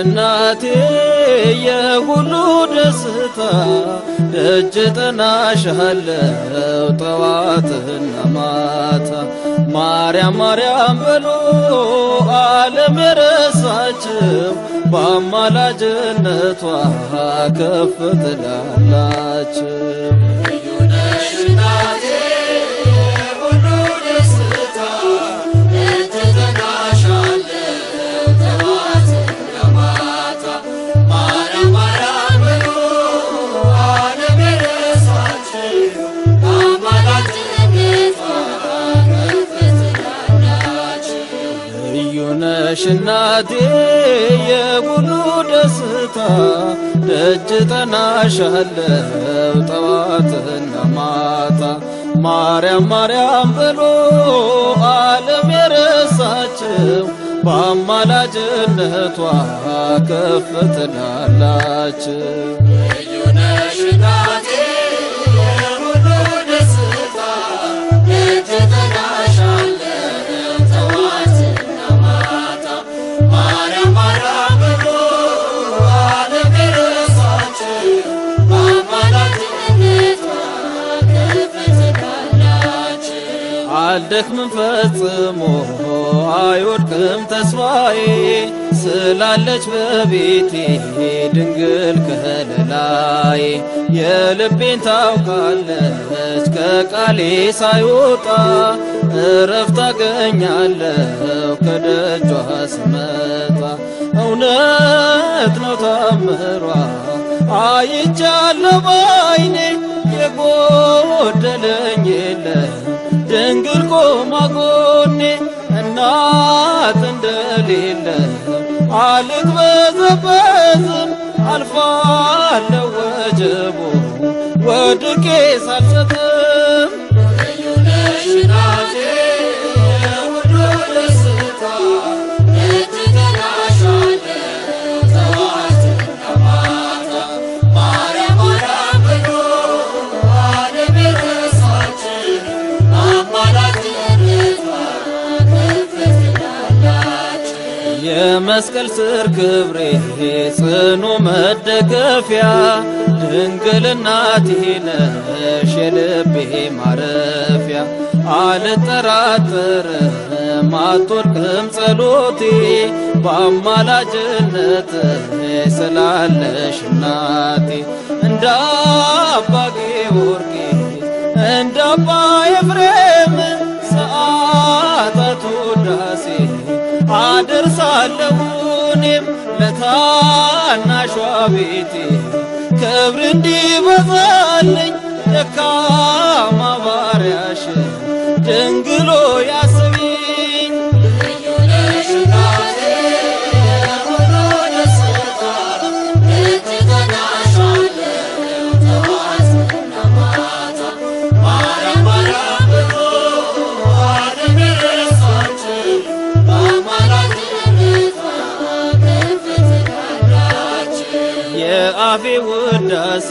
እናቴ የሁሉ ደስታ እጅ ጥናሻለው ጠዋትና ማታ ማርያም ማርያም በሎ ዓለም የረሳችው በአማላጅነቷ ከፍ ትላላችው እናቴ የሙሉ ደስታ ደጅ ጠናሻለው ጠዋትና ማታ ማርያም ማርያም ብሎ ዓለም የረሳችው በአማላጅነቷ ከፍ ልዩ ነሽ እናቴ አልደክምም ፈጽሞ አይወድቅም ተስፋዬ ስላለች በቤቴ ድንግል ከለላዬ የልቤን ታውቃለች ከቃሌ ሳይወጣ እረፍት አገኛለሁ ከደጇ ስመጣ እውነት ነው ታምሯ አይቻለሁ ባይኔ የጎደለኝ የለም ድንግል ቆማ ጎኔ እናት እንደሌለ አልቅበዘበዝም አልፋለው ወጀቦ ወድቄ ሳልሰተ የመስቀል ስር ክብሬ ጽኑ መደገፊያ ድንግል እናቴ ነሽ የልቤ ማረፊያ አልጠራጠርም አትወድቅም ጸሎቴ በአማላጅነት ስላለሽ እናቴ ባለቤቴ ክብር እንዲበዛልኝ ደካ አፌ ውዳሴ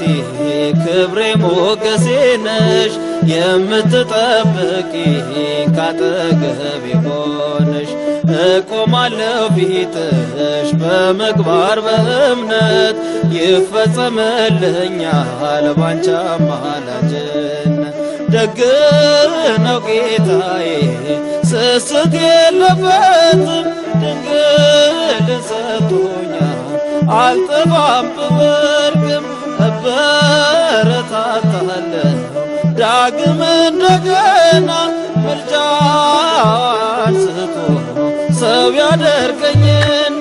ክብሬ ሞገሴ ነሽ የምትጠብቂ ካጠገቤ ሆነሽ እቆማለሁ ፊትሽ በምግባር በእምነት ይፈጸምልኛል ባንቺ አማላጅነት ደግ ነው ጌታዬ ስስት የለበትም ድንግልን ሰጥቶ አልጠፋም ብወድቅም እበረታታለሁ። ዳግም እንደገና ምልጃ አንስቶ ሰው ያደርገኝን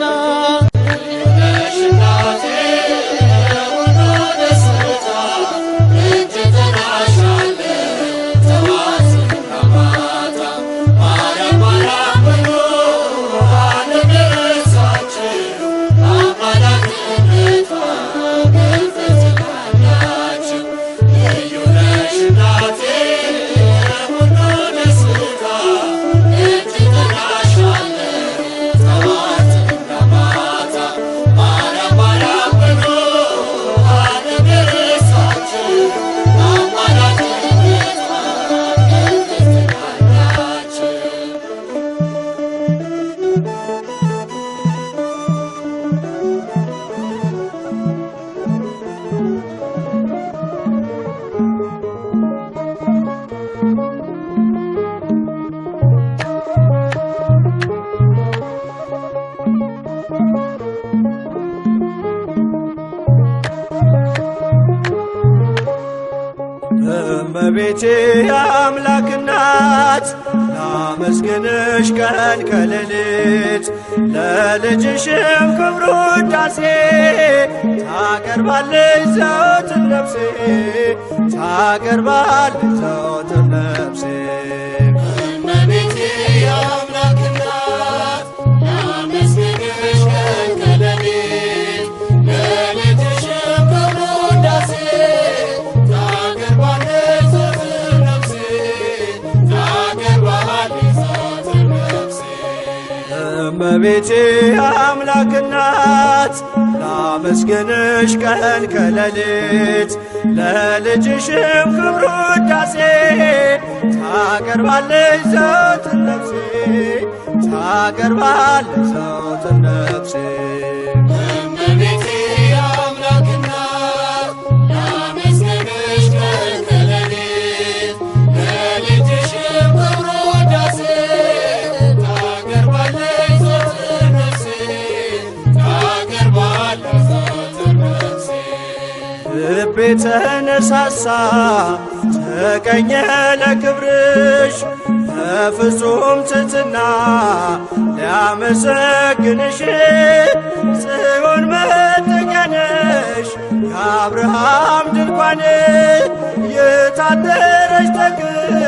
አምላክ እናት ላመስግንሽ ቀን ከሌሊት ለልጅሽም ክብሩ ውዳሴ ታቀርባለች ዘወትር ነፍሴ ታቀርባለች ዘወትር ነፍሴ እመቤቴ አምላክ እናት ላመስግንሽ ቀን ከሌሊት ለልጅሽም ክብሩ ውዳሴ ታቀርባለች ዘወትር ነፍሴ ታቀርባለች ዘወትር ነፍሴ ተነሳሳ ተቀኘ ለክብርሽ በፍጹም ትሕትና ሊያመሰግንሽ ጽዮን መጠጊያ ነሽ የአብርሃም ድንኳን የታደረች ተክል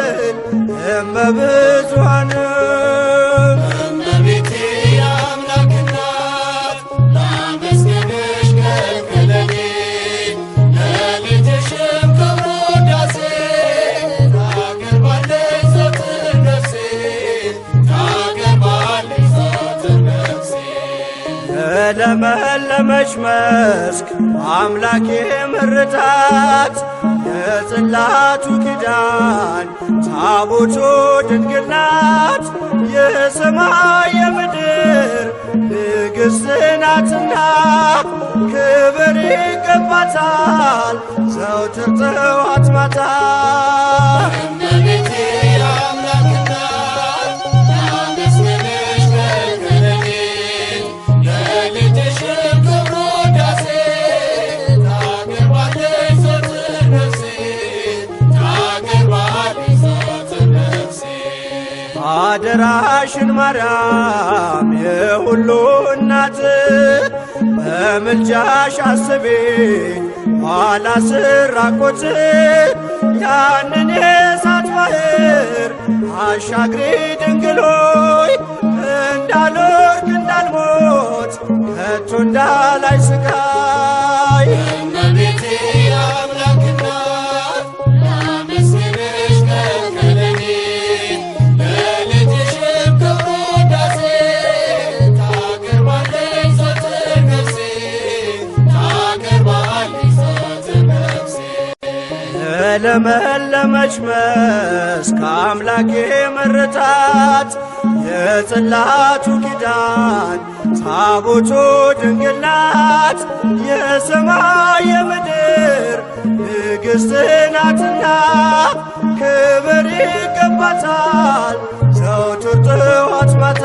እመብዙኃን ለመለመች መስክ አምላኬ ምርታት የጽላቱ ኪዳን ታቦቱ ድንግል ናት። የሰማይ የምድር ንግሥት ናትና ክብር ይገባታል ዘወትር ጥዋት ማታ አደራሽን ማርያም የሁሉ እናት በምልጃሽ አስቢ ኋላ ስራቆት ያንን የእሳት ባህር አሻግሪ ድንግሎይ እንዳልወርቅ እንዳልሞት ከቶ እንዳላይ ስቃይ ለመለመች መስክ አምላኬ መረታት የጽላቱ ኪዳን ታቦቱ ድንግል ናት የሰማይ የምድር ንግሥት ናትና ክብር ይገባታል ዘውትር ጥዋት ማታ